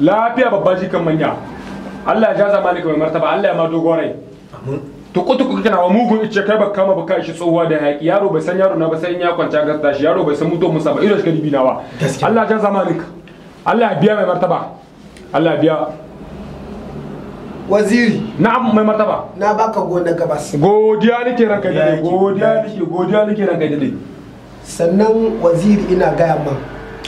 lafiya babba shi kan manya Allah ya ja malika mai martaba Allah ya ma dogon rai tuku tuku kana wa mugun ice kai baka kama baka shi tsohuwa da haƙi yaro bai san yaro na ba sai in ya kwanta gasta shi yaro bai san muto musa ba ido shi galibi na ba Allah ya jaza malika Allah ya biya mai martaba Allah ya biya waziri na'am mai martaba na baka gonar gabas godiya nake ranka dai godiya nake godiya nake ranka dai sannan waziri ina gaya ma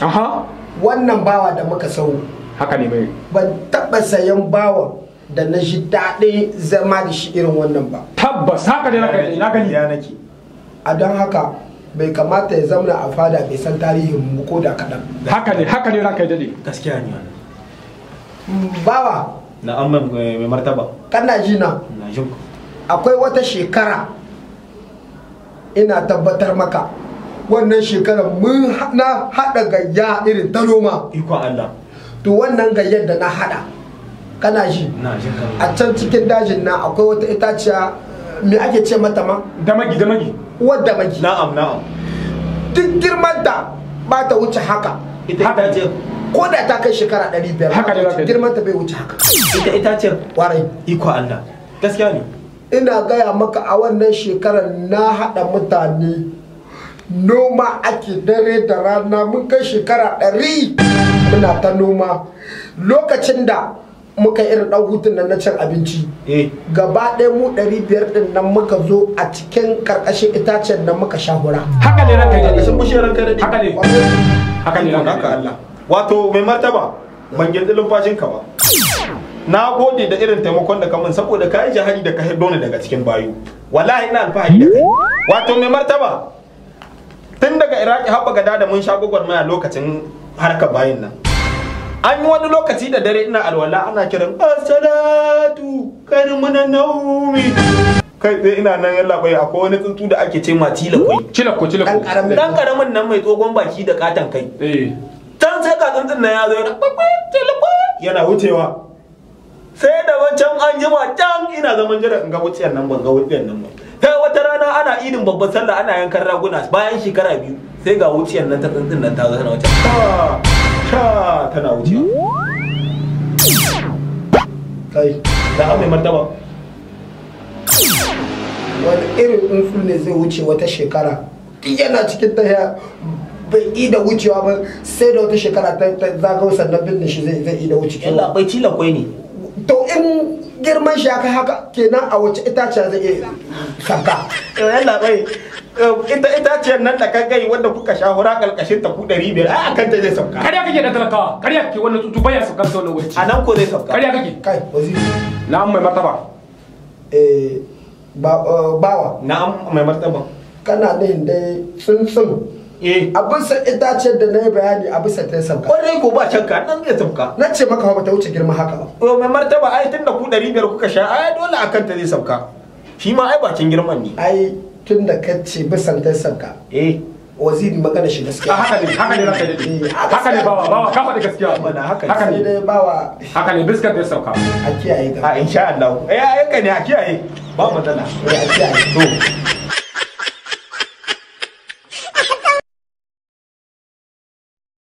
aha wannan bawa da muka sau haka ne mai ban taba sayan bawa da na shi daɗin zama da shi irin wannan ba tabbas haka ne na gani ya nake a don haka bai kamata ya zamana a fada bai san tarihin mu ko da kaɗan haka ne haka ne ranka dade gaskiya ne bawa na an mai martaba kana ji na akwai wata shekara ina tabbatar maka wannan shekarar mun na haɗa gayya irin ta noma iko Allah to wannan gayyar da na hada kana ji a can cikin dajin na akwai wata itaciya me ake ce mata ma damagi damagi Wa damagi na'am na'am duk girman ta ba ta wuce haka haka ce ko da ta kai shekara 500 haka da girman ta bai wuce haka ita itaciyar warai iko Allah gaskiya ne ina gaya maka a wannan shekarar na hada mutane noma ake dare da rana mun kai shekara 100 muna ta noma lokacin da muka irin ɗan hutun nan na cin abinci eh. gaba ɗaya mu ɗari biyar ɗin nan muka zo a cikin ƙarƙashin itacen nan muka shahura haka ne ranka ne haka ne haka ne haka Allah wato mai martaba ban gindi lumfashin ka ba na gode da irin taimakon da kamun saboda yi jihari da ka dona daga cikin bayu wallahi ina alfahari da kai wato mai martaba tun daga iraki haɓa gada da mun sha gwagwarmaya lokacin harkar bayin nan an yi wani lokaci da dare ina alwala ana kiran asalatu kan muna naumi kai sai ina nan yalla bai akwai wani tsuntsu da ake ce ma tilakoi tilakoi tilakoi dan karamin nan mai tsogon baki da katan kai eh can sai ka tsuntsun nan ya zo yana yana wucewa sai da wancan an jima can ina zaman jira in ga wuciyar nan ban ga wuciyar nan ba sai wata rana ana idin babban sallah ana yankan raguna bayan shekara biyu sai ga wuciyar nan ta tsuntsun nan ta zo tana wuce ah. sha tana wuce kai da amai martaba wani irin tsuntsu ne zai wuce wata shekara yana cikin ta ya bai yi da wucewa ba sai da wata shekara ta zagawa sannan bin da shi zai yi da wuce. Yalla bai cilakwai ne. To in girman shi aka haka kenan a wace itaciya zai iya sabka eh, yalla bai eh, ita itaciyar nan da kai wanda kuka sha hura kalkashin ta ku 500 ai akan ta zai sauka kariya kake da talakawa kariya kake wannan tutu baya sauka ta wannan wuri a nan ko zai sauka kariya kake kai waziri na'am mai martaba eh, eh bawa na'am mai martaba kana d'a inda tsuntsun Eh. a bisa ce da na yi bayani a bisa ta sauka kwarai ko ba can ka nan zai sauka na ce maka ba ta wuce girma haka ba to mai martaba ai tunda ku 500 kuka sha ai dole a kanta zai sauka shi ma ai can girman ne ai tunda ka ce bisa ta sauka eh waziri magana shi gaskiya ah, haka ne haka ne eh, haka ne haka ne bawa bawa kafa da gaskiya mana haka ne haka ne bawa haka ne biskar da sauka a kiyaye ga a ah, insha Allah eh ayyuka ne a kiyaye ba matsala eh, a kiyaye to